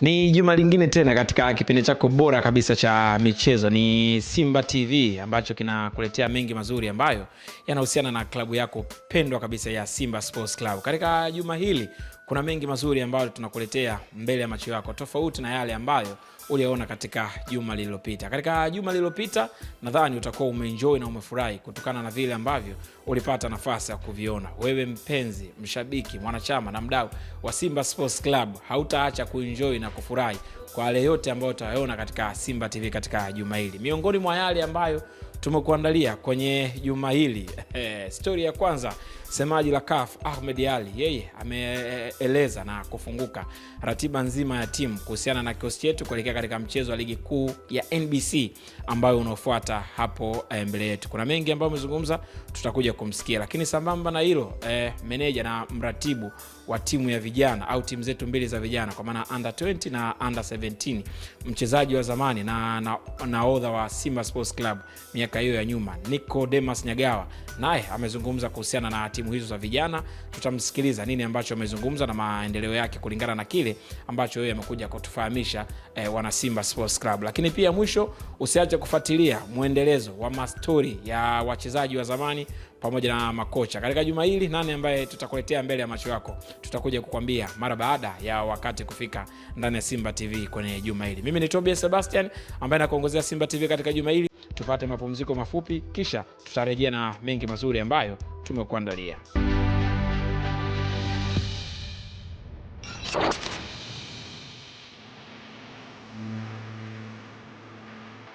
Ni juma lingine tena katika kipindi chako bora kabisa cha michezo, ni Simba TV ambacho kinakuletea mengi mazuri ambayo yanahusiana na klabu yako pendwa kabisa ya Simba Sports Club. Katika juma hili kuna mengi mazuri ambayo tunakuletea mbele ya macho yako, tofauti na yale ambayo uliyaona katika juma lililopita. Katika juma lililopita, nadhani utakuwa umenjoi na umefurahi kutokana na vile ambavyo ulipata nafasi ya kuviona. Wewe mpenzi, mshabiki, mwanachama na mdau wa Simba Sports Club, hautaacha kuenjoi na kufurahi kwa yale yote ambayo utayaona katika Simba TV katika juma hili. Miongoni mwa yale ambayo tumekuandalia kwenye juma hili. Eh. Eh, Stori ya kwanza, semaji la kaf Ahmed ali yeye ameeleza na kufunguka ratiba nzima ya timu kuhusiana na kikosi chetu kuelekea katika mchezo wa ligi kuu ya NBC ambayo unaofuata hapo eh, mbele yetu. Kuna mengi ambayo amezungumza, tutakuja kumsikia, lakini sambamba na hilo eh, meneja na mratibu wa timu ya vijana au timu zetu mbili za vijana kwa maana under 20 na under 17, mchezaji wa zamani na naodha na wa Simba Sports Club miaka hiyo ya nyuma nico demas Nyagawa naye amezungumza kuhusiana na timu hizo za vijana. Tutamsikiliza nini ambacho amezungumza na maendeleo yake kulingana na kile ambacho yeye amekuja kutufahamisha eh, wana Simba Sports Club. Lakini pia mwisho, usiache kufuatilia mwendelezo wa mastori ya wachezaji wa zamani pamoja na makocha. Katika juma hili nani ambaye tutakuletea mbele ya macho yako, tutakuja kukwambia mara baada ya wakati kufika ndani ya Simba TV kwenye juma hili. Mimi ni tobia Sebastian ambaye nakuongozea Simba TV katika juma hili. Tupate mapumziko mafupi, kisha tutarejea na mengi mazuri ambayo tumekuandalia.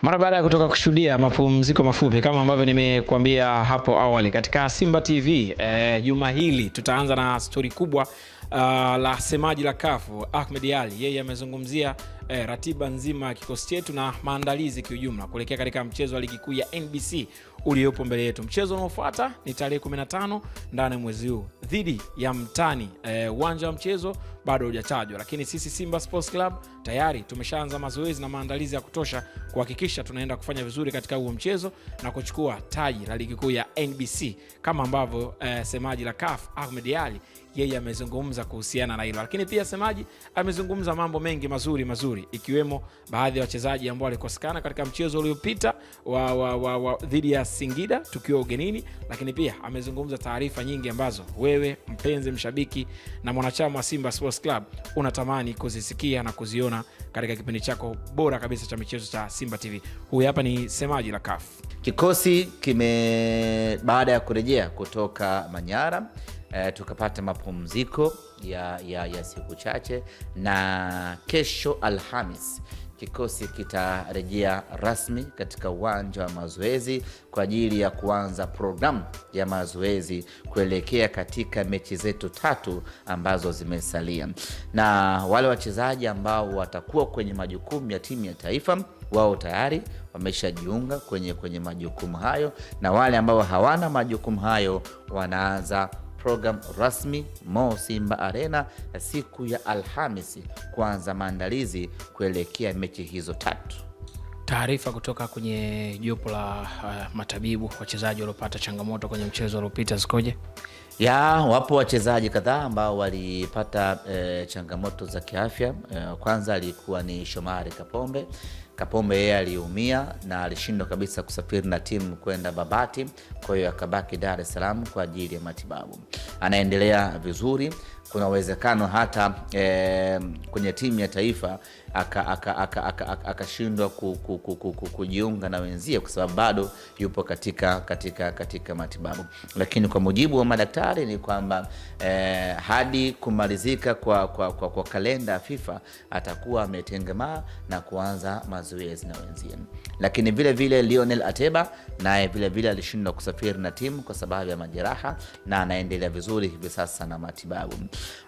Mara baada ya kutoka kushuhudia mapumziko mafupi kama ambavyo nimekuambia hapo awali katika Simba TV eh, juma eh, hili tutaanza na stori kubwa uh, la semaji la kafu Ahmed Ali, yeye amezungumzia eh, ratiba nzima ya kikosi chetu na maandalizi kiujumla kuelekea katika mchezo wa ligi kuu ya NBC uliopo mbele yetu. Mchezo unaofuata ni tarehe 15 ndani ya mwezi huu dhidi ya mtani eh, uwanja eh, wa mchezo bado hujatajwa, lakini sisi Simba Sports Club tayari tumeshaanza mazoezi na maandalizi ya kutosha kuhakikisha tunaenda kufanya vizuri katika huo mchezo na kuchukua taji la ligi kuu ya NBC kama ambavyo eh, semaji la CAF Ahmed Ali yeye amezungumza kuhusiana na hilo, lakini pia semaji amezungumza mambo mengi mazuri mazuri, ikiwemo baadhi ya wachezaji ambao walikosekana katika mchezo uliopita wa, wa, wa, wa dhidi ya Singida tukiwa ugenini, lakini pia amezungumza taarifa nyingi ambazo wewe mpenzi mshabiki na mwanachama wa Simba Sports Sports Club unatamani kuzisikia na kuziona katika kipindi chako bora kabisa cha michezo cha Simba TV. Huyu hapa ni semaji la CAF. Kikosi kime baada ya kurejea kutoka Manyara eh, tukapata mapumziko ya, ya, ya siku chache na kesho Alhamis kikosi kitarejea rasmi katika uwanja wa mazoezi kwa ajili ya kuanza programu ya mazoezi kuelekea katika mechi zetu tatu ambazo zimesalia, na wale wachezaji ambao watakuwa kwenye majukumu ya timu ya taifa wao tayari wameshajiunga kwenye, kwenye majukumu hayo, na wale ambao hawana majukumu hayo wanaanza program rasmi Mo Simba Arena siku ya Alhamisi kuanza maandalizi kuelekea mechi hizo tatu. Taarifa kutoka kwenye jopo la uh, matabibu wachezaji waliopata changamoto kwenye mchezo uliopita zikoje? Ya, wapo wachezaji kadhaa ambao walipata e, changamoto za kiafya e, kwanza alikuwa ni Shomari Kapombe. Kapombe yeye aliumia na alishindwa kabisa kusafiri na timu kwenda Babati, kwa hiyo akabaki Dar es Salaam kwa ajili ya matibabu. Anaendelea vizuri kuna uwezekano hata e, kwenye timu ya taifa akashindwa aka, aka, aka, aka, aka kujiunga na wenzie kwa sababu bado yupo katika, katika, katika matibabu. Lakini kwa mujibu wa madaktari ni kwamba e, hadi kumalizika kwa, kwa, kwa, kwa kalenda ya FIFA atakuwa ametengemaa na kuanza mazoezi na wenzie lakini vile vile Lionel Ateba naye vile vile alishindwa kusafiri na timu kwa sababu ya majeraha na anaendelea vizuri hivi sasa na matibabu.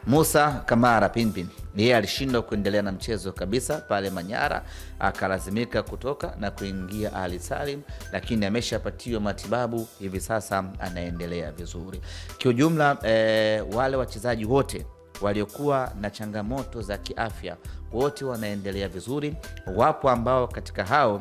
Musa Kamara Pinpin yeye alishindwa kuendelea na mchezo kabisa pale Manyara, akalazimika kutoka na kuingia Ali Salim, lakini ameshapatiwa matibabu hivi sasa anaendelea vizuri kiujumla. Eh, wale wachezaji wote waliokuwa na changamoto za kiafya wote wanaendelea vizuri. Wapo ambao katika hao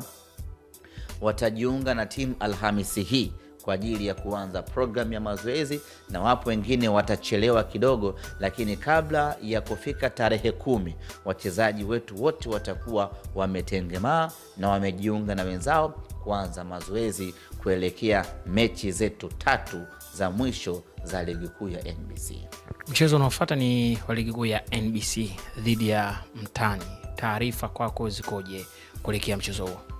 watajiunga na timu Alhamisi hii kwa ajili ya kuanza programu ya mazoezi, na wapo wengine watachelewa kidogo, lakini kabla ya kufika tarehe kumi, wachezaji wetu wote watakuwa wametengemaa na wamejiunga na wenzao kuanza mazoezi kuelekea mechi zetu tatu za mwisho za ligi kuu ya NBC. Mchezo unaofuata ni wa ligi kuu ya NBC dhidi ya Mtani. Taarifa kwako zikoje kuelekea mchezo huo?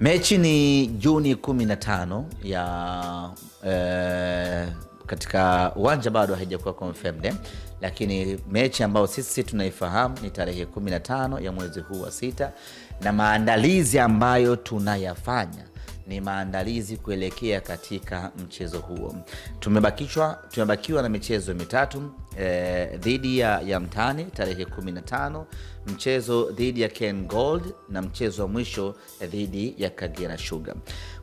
Mechi ni Juni 15 ya eh, katika uwanja bado haijakuwa confirmed, eh? lakini mechi ambayo sisi tunaifahamu ni tarehe 15 ya mwezi huu wa sita, na maandalizi ambayo tunayafanya ni maandalizi kuelekea katika mchezo huo. Tumebakishwa, tumebakiwa na michezo mitatu e, dhidi ya, ya Mtani tarehe 15, mchezo dhidi ya Ken Gold na mchezo wa mwisho eh, dhidi ya Kagera Sugar.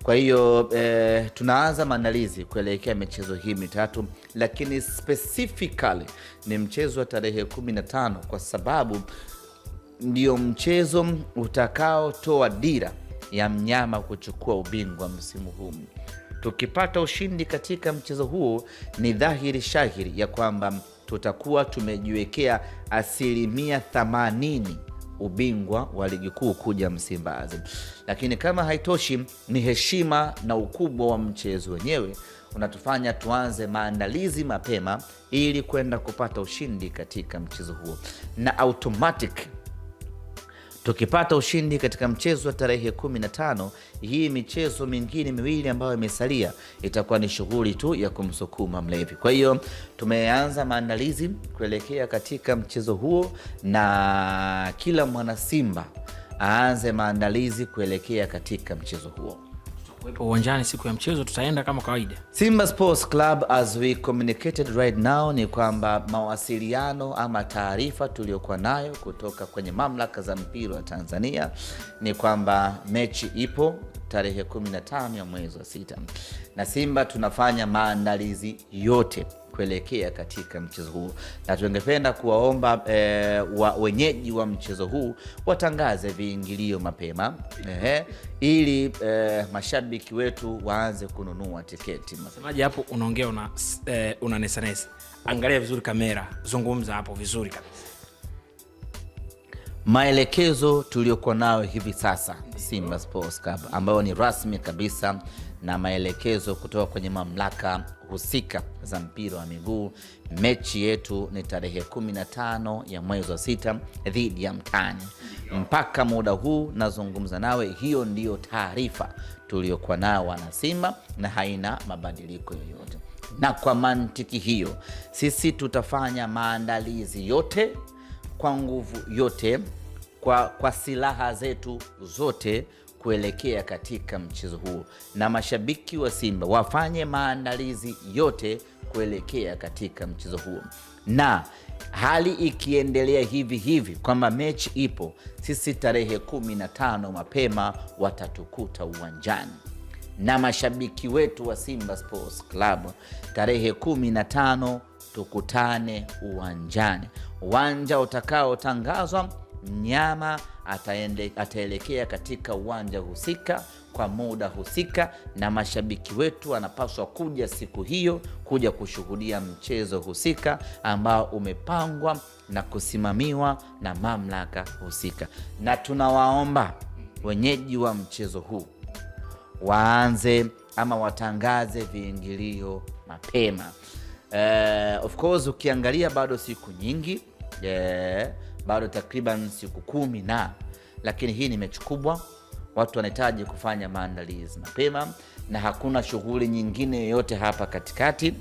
Kwa hiyo e, tunaanza maandalizi kuelekea michezo hii mitatu, lakini specifically ni mchezo wa tarehe 15 kwa sababu ndio mchezo utakaotoa dira ya mnyama kuchukua ubingwa msimu huu. Tukipata ushindi katika mchezo huo, ni dhahiri shahiri ya kwamba tutakuwa tumejiwekea asilimia 80 ubingwa wa ligi kuu kuja Msimbazi. Lakini kama haitoshi, ni heshima na ukubwa wa mchezo wenyewe unatufanya tuanze maandalizi mapema ili kwenda kupata ushindi katika mchezo huo, na automatic tukipata ushindi katika mchezo wa tarehe 15, hii michezo mingine miwili ambayo imesalia itakuwa ni shughuli tu ya kumsukuma mlevi. Kwa hiyo tumeanza maandalizi kuelekea katika mchezo huo, na kila mwanasimba aanze maandalizi kuelekea katika mchezo huo kuwepo uwanjani siku ya mchezo, tutaenda kama kawaida. Simba Sports Club, as we communicated right now, ni kwamba mawasiliano ama taarifa tuliyokuwa nayo kutoka kwenye mamlaka za mpira wa Tanzania ni kwamba mechi ipo tarehe 15 ya mwezi wa sita, na Simba tunafanya maandalizi yote kuelekea katika mchezo huu, na tungependa kuwaomba e, wa, wenyeji wa mchezo huu watangaze viingilio mapema ehe, ili e, mashabiki wetu waanze kununua tiketi. Msemaji hapo unaongea una, e, eh, una nesanesa. Angalia vizuri kamera, zungumza hapo vizuri kabisa. Maelekezo tuliokuwa nayo hivi sasa Simba Sports Club ambayo ni rasmi kabisa na maelekezo kutoka kwenye mamlaka husika za mpira wa miguu. Mechi yetu ni tarehe 15 ya mwezi wa sita dhidi ya Mtani. Mpaka muda huu nazungumza nawe, hiyo ndiyo taarifa tuliyokuwa nao wanasimba, na haina mabadiliko yoyote. Na kwa mantiki hiyo, sisi tutafanya maandalizi yote kwa nguvu yote, kwa, kwa silaha zetu zote kuelekea katika mchezo huo, na mashabiki wa Simba wafanye maandalizi yote kuelekea katika mchezo huo, na hali ikiendelea hivi hivi kwamba mechi ipo, sisi tarehe kumi na tano mapema watatukuta uwanjani na mashabiki wetu wa Simba Sports Club, tarehe kumi na tano tukutane uwanjani, uwanja utakaotangazwa mnyama ataelekea katika uwanja husika kwa muda husika, na mashabiki wetu wanapaswa kuja siku hiyo kuja kushuhudia mchezo husika ambao umepangwa na kusimamiwa na mamlaka husika, na tunawaomba wenyeji wa mchezo huu waanze ama watangaze viingilio mapema. Uh, of course ukiangalia bado siku nyingi yeah bado takriban siku kumi na, lakini hii ni mechi kubwa, watu wanahitaji kufanya maandalizi mapema, na hakuna shughuli nyingine yoyote hapa katikati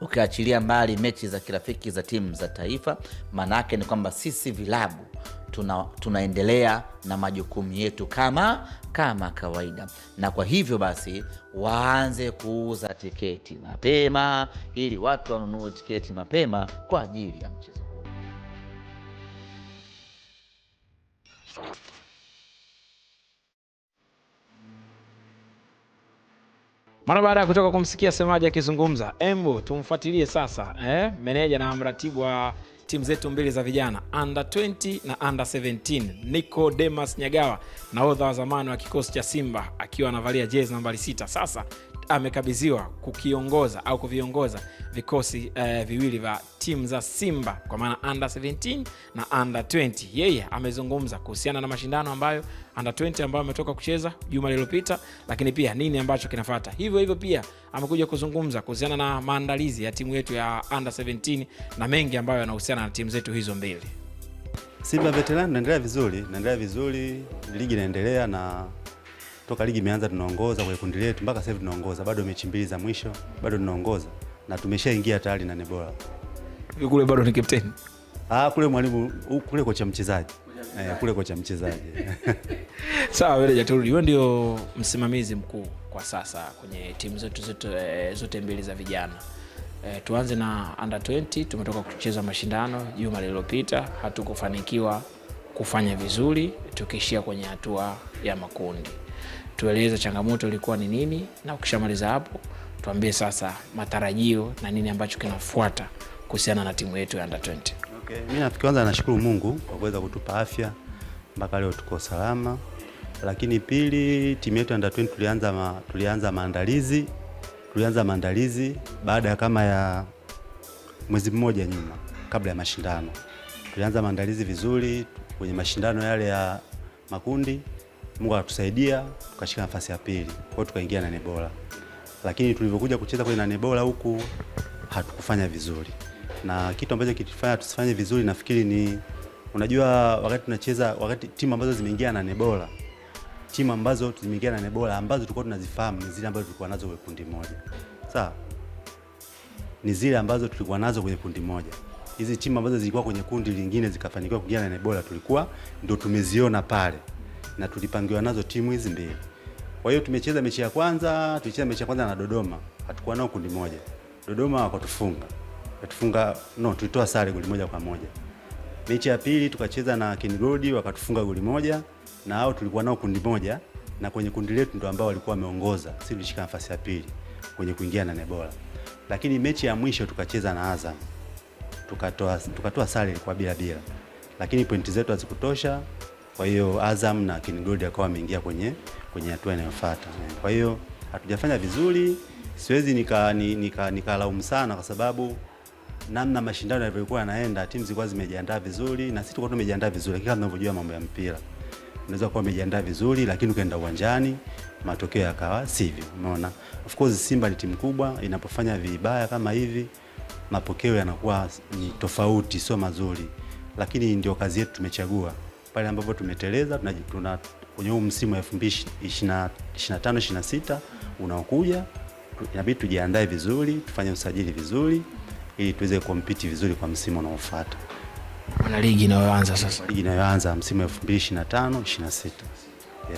ukiachilia mbali mechi za kirafiki za timu za taifa. maanaake ni kwamba sisi vilabu tuna, tunaendelea na majukumu yetu kama kama kawaida, na kwa hivyo basi waanze kuuza tiketi mapema ili watu wanunue tiketi mapema kwa ajili ya mchezo. Mara baada ya kutoka kumsikia Semaji akizungumza, Embo tumfuatilie sasa eh, meneja na mratibu wa timu zetu mbili za vijana under 20 na under 17, nico demas Nyagawa, nahodha wa zamani wa kikosi cha Simba akiwa anavalia jezi nambari sita, sasa amekabidhiwa kukiongoza au kuviongoza vikosi uh, viwili vya timu za Simba kwa maana under 17 na under 20. Yeye amezungumza kuhusiana na mashindano ambayo under 20 ambayo ametoka kucheza juma lililopita, lakini pia nini ambacho kinafata. Hivyo hivyo pia amekuja kuzungumza kuhusiana na maandalizi ya timu yetu ya under 17 na mengi ambayo yanahusiana na timu zetu hizo mbili. Simba veteran naendelea vizuri, naendelea vizuri, ligi inaendelea na toka ligi imeanza tunaongoza kwa kundi letu mpaka sasa hivi tunaongoza, bado mechi mbili za mwisho bado tunaongoza na tumeshaingia tayari nane bora. Kule bado ni captain. Ah, kule mwalimu kule kocha mchezaji. Eh, kule kocha mchezaji. Sawa, wewe Jaturudi, wewe ndio msimamizi mkuu kwa sasa kwenye timu zetu zote, zote, eh, zote mbili za vijana. E, tuanze na under 20. Tumetoka kucheza mashindano juma lililopita, hatukufanikiwa kufanya vizuri, tukishia kwenye hatua ya makundi tueleze changamoto ilikuwa ni nini, na ukishamaliza hapo tuambie sasa matarajio na nini ambacho kinafuata kuhusiana na timu yetu ya under 20. Okay, mimi kwanza nashukuru Mungu kwa kuweza kutupa afya mpaka leo tuko salama, lakini pili, timu yetu under 20 tulianza ma, tulianza maandalizi tulianza maandalizi baada ya kama ya mwezi mmoja nyuma, kabla ya mashindano tulianza maandalizi vizuri kwenye mashindano yale ya makundi Mungu akatusaidia tukashika nafasi ya pili, kwa hiyo tukaingia nane bora, lakini tulivyokuja kucheza kwenye nane bora huku hatukufanya vizuri, na kitu ambacho kilifanya tusifanye vizuri nafikiri ni unajua, wakati tunacheza, wakati timu ambazo zimeingia nane bora, timu ambazo zimeingia nane bora ambazo tulikuwa tunazifahamu ni zile ambazo tulikuwa nazo kwenye kundi moja, sawa, ni zile ambazo tulikuwa nazo kwenye kundi moja hizi timu ambazo zilikuwa kwenye kundi lingine zikafanikiwa kuingia nane bora, tulikuwa ndo tumeziona pale na tulipangiwa nazo timu hizi mbili. Kwa hiyo tumecheza mechi ya kwanza, tulicheza mechi ya kwanza na Dodoma, hatukuwa nao kundi moja. Dodoma wakatufunga, wakatufunga no, tulitoa sare goli moja kwa moja. Mechi ya pili tukacheza na Kingrodi, wakatufunga goli moja, na hao tulikuwa nao kundi moja, na kwenye kundi letu ndio ambao walikuwa wameongoza, si tulishika nafasi ya pili kwenye kuingia na Nebola. Lakini mechi ya mwisho tukacheza na Azam, tukatoa tukatoa sare kwa bila bila, lakini pointi zetu hazikutosha kwa hiyo Azam na King Gold akawa wameingia kwenye kwenye hatua inayofuata. Kwa hiyo hatujafanya vizuri, siwezi nikalaumu nika, nika sana kwa sababu namna mashindano yalivyokuwa yanaenda, timu zilikuwa zimejiandaa vizuri na sisi tulikuwa tumejiandaa vizuri, kila tunavyojua mambo ya mpira unaweza kuwa umejiandaa vizuri lakini ukaenda uwanjani matokeo yakawa sivyo. Umeona, of course Simba ni timu kubwa, inapofanya vibaya kama hivi mapokeo yanakuwa ni tofauti, sio mazuri, lakini ndio kazi yetu, tumechagua pale ambapo tumeteleza tuna kwenye huu msimu wa 2025 26 unaokuja, inabidi tujiandae vizuri, tufanye usajili vizuri ili tuweze kompiti vizuri kwa msimu unaofuata, ligi inayoanza sasa, ligi inayoanza msimu wa 2025 26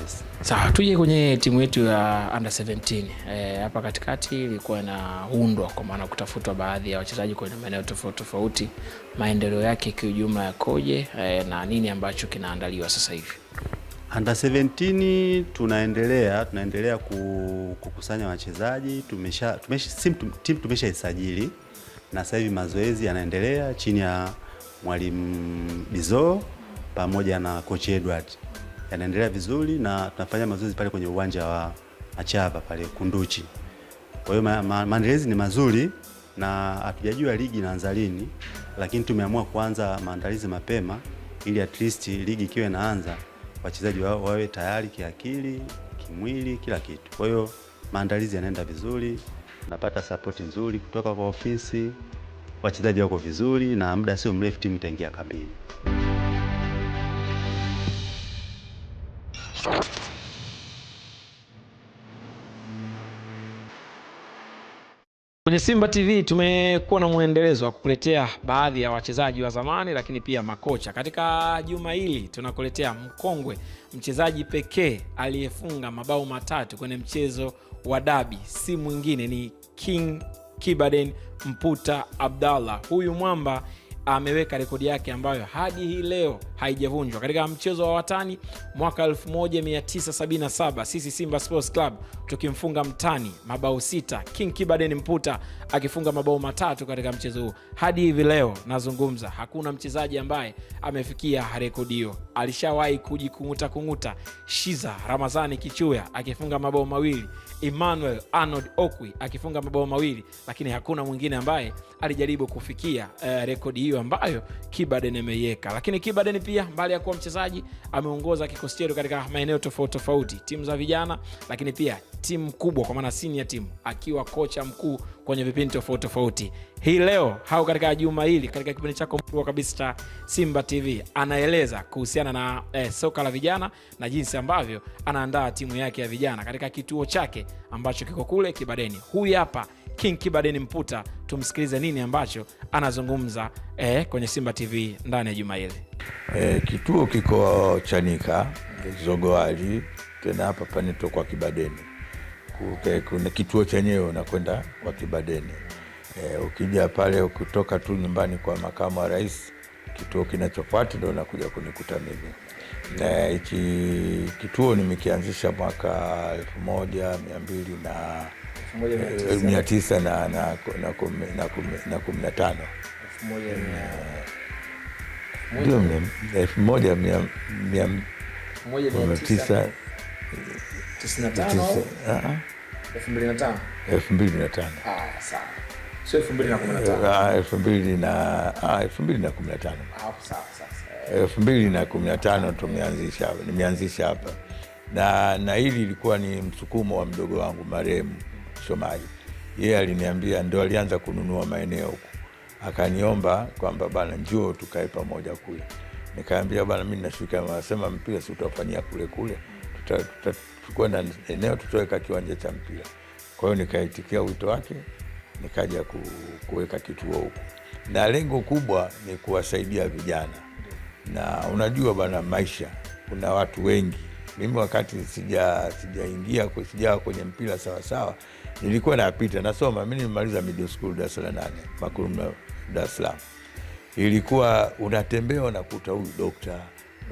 yes. Sawa, tuje kwenye timu yetu ya under 17 eh, hapa e, katikati ilikuwa inaundwa kwa maana kutafutwa baadhi ya wachezaji kwenye maeneo tofauti tofauti, maendeleo yake kiujumla yakoje e, na nini ambacho kinaandaliwa sasa hivi? Under 17 tunaendelea tunaendelea kukusanya wachezaji, tumesha timu tumeshaisajili na sasa hivi mazoezi yanaendelea chini ya mwalimu Bizo pamoja na coach Edward yanaendelea vizuri na tunafanya mazoezi pale kwenye uwanja wa Achava pale Kunduchi. Kwa hiyo maandalizi ma, ni mazuri na hatujajua ligi inaanza lini, lakini tumeamua kuanza maandalizi mapema ili at least ligi ikiwa inaanza wachezaji wa, wawe tayari kiakili, kimwili, kila kitu. Kwa hiyo maandalizi yanaenda vizuri, napata sapoti nzuri kutoka kwa ofisi, wachezaji wako vizuri na muda sio mrefu timu itaingia kambini. Kwenye Simba TV tumekuwa na mwendelezo wa kukuletea baadhi ya wachezaji wa zamani, lakini pia makocha. Katika juma hili tunakuletea mkongwe, mchezaji pekee aliyefunga mabao matatu kwenye mchezo wa dabi, si mwingine ni King Kibaden Mputa Abdallah. Huyu mwamba ameweka rekodi yake ambayo hadi hii leo haijavunjwa katika mchezo wa watani mwaka 1977 sisi Simba Sports Club tukimfunga mtani mabao sita, King Kibaden Mputa akifunga mabao matatu katika mchezo huu. Hadi hivi leo nazungumza, hakuna mchezaji ambaye amefikia rekodi hiyo. Alishawahi kujikung'uta kung'uta Shiza Ramazani Kichuya akifunga mabao mawili Emmanuel Arnold Okwi akifunga mabao mawili, lakini hakuna mwingine ambaye alijaribu kufikia uh, rekodi hiyo ambayo Kibaden ameiweka. Lakini Kibaden pia mbali ya kuwa mchezaji ameongoza kikosi chetu katika maeneo tofauti tofauti, timu za vijana, lakini pia timu kubwa kwa maana senior timu, akiwa kocha mkuu kwenye vipindi tofauti tofauti. Hii leo au katika juma hili katika kipindi chako mkubwa kabisa cha Simba TV anaeleza kuhusiana na eh, soka la vijana na jinsi ambavyo anaandaa timu yake ya vijana katika kituo chake ambacho kiko kule Kibadeni. Huyu hapa King Kibadeni Mputa, tumsikilize nini ambacho anazungumza eh, kwenye Simba TV ndani ya juma hili. Eh, kituo kiko Chanika Zogoali, tena hapa panito kwa Kibadeni, eh, kuna kituo chenyewe unakwenda kwa Kibadeni E, ukija pale ukitoka tu nyumbani kwa makamu wa rais, kituo kinachofuata ndo nakuja kunikuta mimi. Mm. Hichi kituo nimekianzisha mwaka elfu moja mia mbili na mia tisa eh, na kumi na tano mm. ndio elfu moja mia tisa elfu mbili na tano sio 2015 na 2015 ah, ah, ah, tumeanzisha, nimeanzisha hapa na na hili ilikuwa ni msukumo wa mdogo wangu marehemu Shomari. Yeye aliniambia, ndo alianza kununua maeneo huku, akaniomba kwamba bana, njoo tukae pamoja kule. Nikaambia bana, mi nashuka, asema mpira si utafanyia kule kule, tutakwenda tuta, eneo tutaweka kiwanja cha mpira. Kwa hiyo nikaitikia wito wake nikaja kuweka kituo huku, na lengo kubwa ni kuwasaidia vijana. Na unajua bana, maisha kuna watu wengi. Mimi wakati sija sijaingia sijawa kwenye mpira sawasawa, nilikuwa napita nasoma. Mi nimemaliza middle school darasa la nane Makurumla, Dar es Salaam. Ilikuwa unatembea unakuta huyu dokta,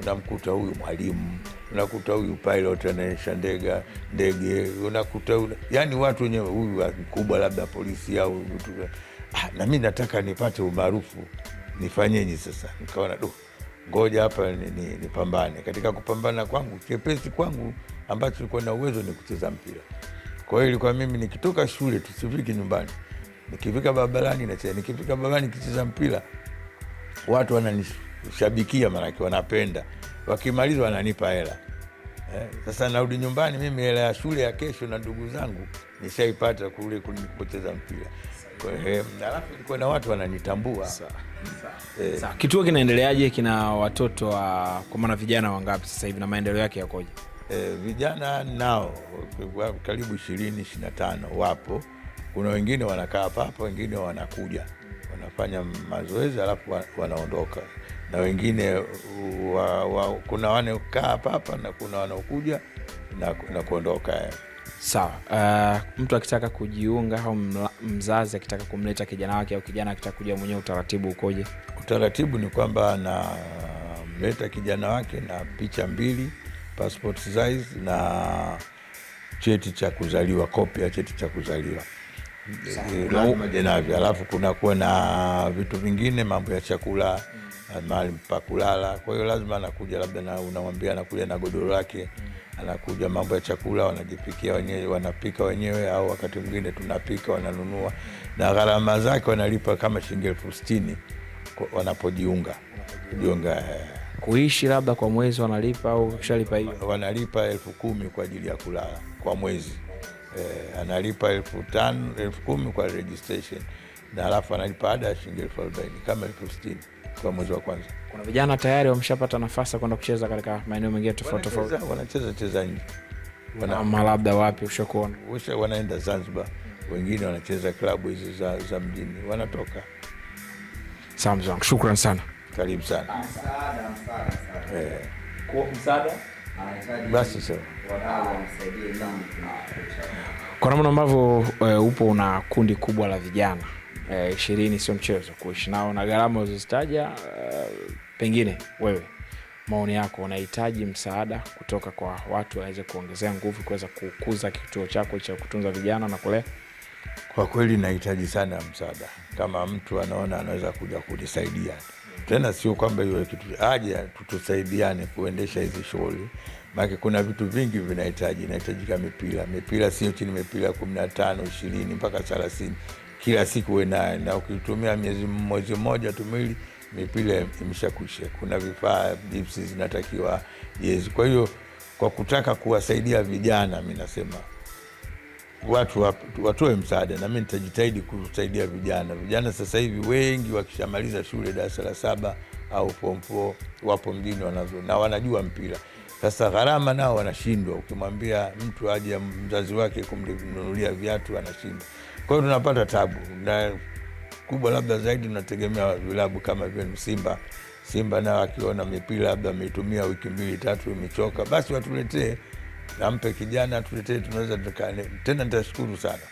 unamkuta huyu mwalimu unakuta huyu pilot anaesha ndega ndege, unakuta una, yani watu wenyewe, huyu mkubwa labda polisi au ah, na mi nataka nipate umaarufu nifanyeje? Sasa nikaona du, ngoja hapa nipambane. Ni, ni katika kupambana kwangu chepesi kwangu ambacho ilikuwa na uwezo ni kucheza mpira. Kwa hiyo ilikuwa mimi nikitoka shule tusifiki nyumbani, nikifika barabarani nacheza, nikifika barabarani kicheza mpira watu wananishabikia, maanake wanapenda wakimaliza wananipa hela eh. Sasa narudi nyumbani mimi, hela ya shule ya kesho na ndugu zangu nishaipata kule kucheza mpira. Eh, alafu ilikuwa na watu wananitambua eh. kituo kinaendeleaje? Kina watoto wa kwa maana vijana wangapi sasa hivi na maendeleo yake yakoje? Eh, vijana nao karibu ishirini ishirini na tano wapo. Kuna wengine wanakaa hapa hapa, wengine wanakuja wanafanya mazoezi, alafu wanaondoka na wengine wa, wa, kuna wanaokaa hapa na kuna wanaokuja na, na kuondoka. Eh. Sawa. Uh, mtu akitaka kujiunga au mzazi akitaka kumleta kijana wake au kijana akitaka kuja mwenyewe, utaratibu ukoje? Utaratibu ni kwamba anamleta kijana wake na picha mbili, passport size na cheti cha kuzaliwa, kopi ya cheti cha kuzaliwa navyo, alafu kunakuwa na vitu vingine, mambo ya chakula mahali pa kulala. Kwa hiyo lazima anakuja labda na unamwambia anakuja na godoro lake mm. anakuja, mambo ya chakula wanajipikia wenyewe, wanapika wenyewe, au wakati mwingine tunapika, wananunua na gharama zake wanalipa kama shilingi elfu sitini wanapojiunga kujiunga eh. kuishi labda kwa mwezi wanalipa au shalipa hiyo, wanalipa elfu kumi kwa ajili ya kulala kwa mwezi eh, analipa elfu tano elfu kumi kwa registration na halafu analipa ada ya shilingi elfu arobaini kama elfu sitini kwa mwezi wa kwanza. Kuna vijana tayari wameshapata nafasi ya kwenda kucheza katika maeneo mengine tofauti tofauti, wanacheza cheza nje, wana labda wapi ushakuona, wanaenda Zanzibar, wengine wanacheza klabu hizi za, za mjini wanatoka. Samzang, shukran sana, karibu sana. Eh. Msaada, msaada, msaada. Eh. Kwa msaada basi sio kwa namna ambavyo uh, upo una kundi kubwa la vijana eh, ishirini sio mchezo kuishi nao na gharama uzozitaja uh, eh, pengine wewe maoni yako unahitaji msaada kutoka kwa watu waweze kuongezea nguvu kuweza kukuza kituo chako cha kutunza vijana na kulea kwa kweli nahitaji sana msaada kama mtu anaona anaweza kuja kunisaidia tena sio kwamba iwe kitu aje, tusaidiane kuendesha hizi shughuli, maana kuna vitu vingi vinahitaji, inahitajika mipira, mipira sio chini, mipira kumi na tano ishirini mpaka thelathini kila siku uwe na ukitumia miezi mwezi mmoja tu miwili mipira imeshakwisha. Kuna vifaa jipsi zinatakiwa jezi. Kwa hiyo kwa kutaka kuwasaidia vijana, mi nasema watu watoe msaada, na mi nitajitahidi kusaidia vijana. Vijana sasa hivi wengi wakishamaliza shule darasa la saba au form wapo mjini wanazo, na wanajua mpira sasa gharama nao wanashindwa. Ukimwambia mtu aje mzazi wake kumnunulia viatu anashindwa. Kwa hiyo tunapata tabu, na kubwa labda zaidi tunategemea vilabu kama vile Simba. Simba nao akiona mipira labda ameitumia wiki mbili tatu imechoka, basi watuletee nampe kijana tuletee, tunaweza tena, nitashukuru sana.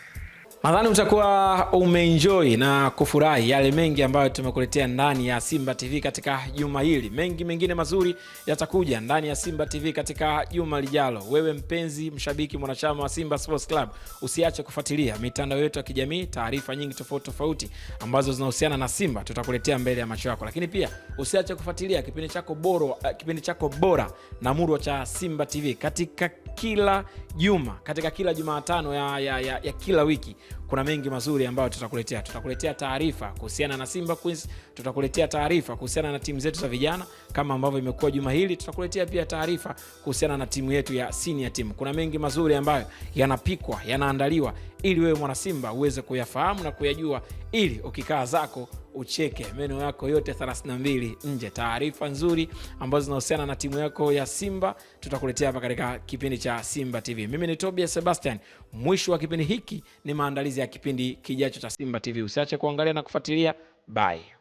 Nadhani utakuwa umeenjoi na kufurahi yale mengi ambayo tumekuletea ndani ya Simba TV katika juma hili. Mengi mengine mazuri yatakuja ndani ya Simba TV katika juma lijalo. Wewe mpenzi mshabiki, mwanachama wa Simba Sports Club, usiache kufuatilia mitandao yetu ya kijamii, taarifa nyingi tofauti tofauti ambazo zinahusiana na Simba tutakuletea mbele ya macho yako, lakini pia usiache kufuatilia kipindi chako eh, kipindi chako bora na murwa cha Simba TV katika kila juma katika kila Jumatano ya, ya, ya, ya kila wiki kuna mengi mazuri ambayo tutakuletea. Tutakuletea taarifa kuhusiana na Simba Queens, tutakuletea taarifa kuhusiana na timu zetu za vijana kama ambavyo imekuwa juma hili. Tutakuletea pia taarifa kuhusiana na timu yetu ya senior timu Kuna mengi mazuri ambayo yanapikwa, yanaandaliwa ili wewe mwanasimba uweze kuyafahamu na kuyajua, ili ukikaa zako ucheke meno yako yote 32 nje. Taarifa nzuri ambazo zinahusiana na timu yako ya Simba tutakuletea hapa katika kipindi cha Simba TV. Mimi ni Tobias Sebastian. Mwisho wa kipindi hiki ni maandalizi ya kipindi kijacho cha Simba TV. Usiache kuangalia na kufuatilia. Bye.